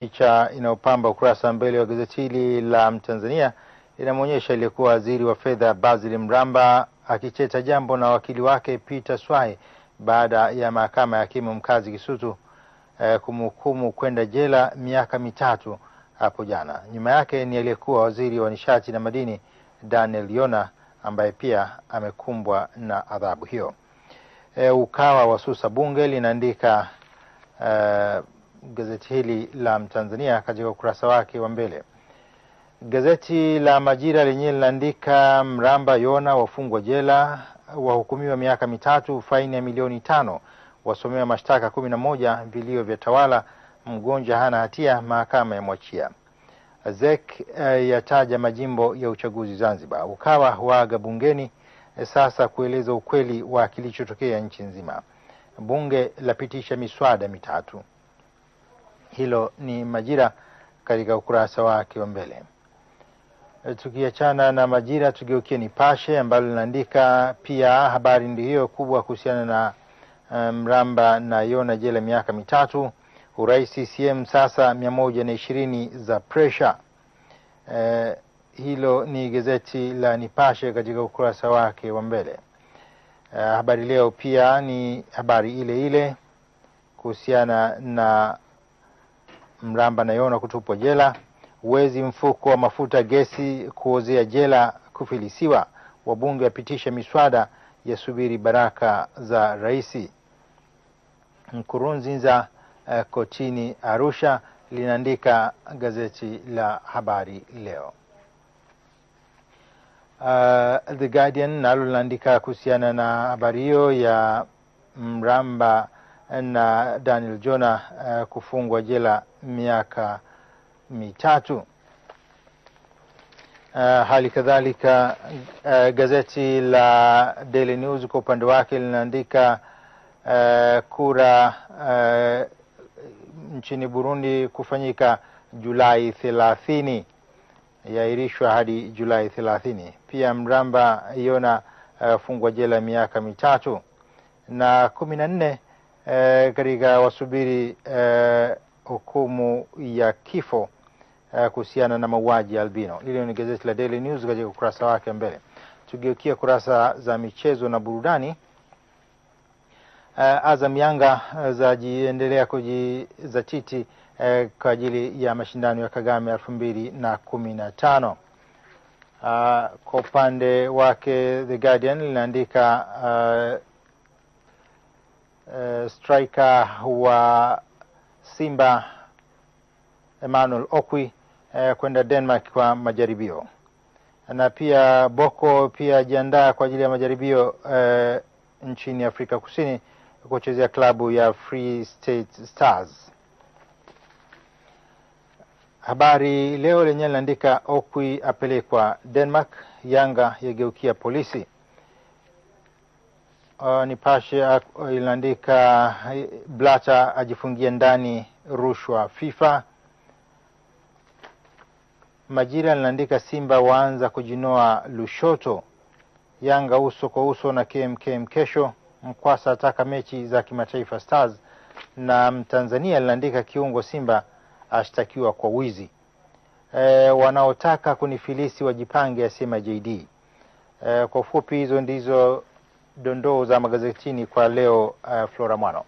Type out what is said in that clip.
Picha inayopamba ukurasa mbele wa gazeti hili la Mtanzania inamwonyesha aliyekuwa waziri wa fedha Basil Mramba akicheta jambo na wakili wake Peter Swai baada ya mahakama ya hakimu mkazi Kisutu eh, kumhukumu kwenda jela miaka mitatu hapo jana. Nyuma yake ni aliyekuwa waziri wa nishati na madini Daniel Yona ambaye pia amekumbwa na adhabu hiyo. Eh, Ukawa susa bunge linaandika eh, gazeti hili la Mtanzania katika ukurasa wake wa mbele. Gazeti la Majira lenyewe linaandika Mramba Yona wafungwa jela, wahukumiwa miaka mitatu, faini ya milioni tano, wasomewa mashtaka kumi na moja, vilio vya tawala, mgonjwa hana hatia, mahakama mwachia ZEC uh, eh, yataja majimbo ya uchaguzi Zanzibar. Ukawa waaga bungeni eh, sasa kueleza ukweli wa kilichotokea nchi nzima. Bunge lapitisha miswada mitatu hilo ni Majira katika ukurasa wake wa mbele. E, tukiachana na Majira, tugeukie Nipashe ambalo linaandika pia habari ndio hiyo kubwa kuhusiana na e, Mramba um, na Yona jela miaka mitatu, urais CCM sasa mia moja na ishirini za presha. Uh, e, hilo ni gazeti la Nipashe katika ukurasa wake wa mbele. Uh, habari leo pia ni habari ile ile kuhusiana na Mramba Nayona kutupwa jela, wezi mfuko wa mafuta gesi kuozea jela kufilisiwa, wabunge wapitisha miswada ya subiri baraka za raisi. Nkurunziza uh, kotini Arusha, linaandika gazeti la Habari Leo. Uh, The Guardian nalo linaandika kuhusiana na habari hiyo ya Mramba na uh, Daniel Jona uh, kufungwa jela miaka mitatu. Uh, hali kadhalika uh, gazeti la Daily News kwa upande wake linaandika uh, kura uh, nchini Burundi kufanyika Julai thelathini yairishwa hadi Julai thelathini. Pia Mramba Yona uh, fungwa jela miaka mitatu na kumi na nne e, katika wasubiri e, hukumu ya kifo e, kuhusiana na mauaji ya albino. Lilo ni gazeti la Daily News katika ukurasa wake mbele. Tugeukia kurasa za michezo na burudani. Uh, Azam Yanga zajiendelea kujizatiti uh, kwa ajili ya mashindano ya Kagame elfu mbili na kumi na tano. Uh, kwa upande wake The Guardian linaandika uh, uh, striker wa Simba Emmanuel Okwi uh, kwenda Denmark kwa majaribio, na pia Boko pia jiandaa kwa ajili ya majaribio uh, nchini Afrika Kusini kuchezea klabu ya Free State Stars. Habari Leo lenyewe linaandika Okwi apelekwa Denmark, Yanga yageukia polisi. Uh, Nipashe uh, iliandika eh, Blata ajifungia ndani rushwa FIFA. Majira linaandika Simba waanza kujinoa Lushoto, Yanga uso kwa uso na KMKM kesho. Mkwasa ataka mechi za kimataifa Stars, na Mtanzania linaandika kiungo Simba ashtakiwa kwa wizi. E, wanaotaka kunifilisi wajipange, asema JD. E, eh, kwa ufupi hizo ndizo dondoo za magazetini kwa leo. Uh, Flora Mwano.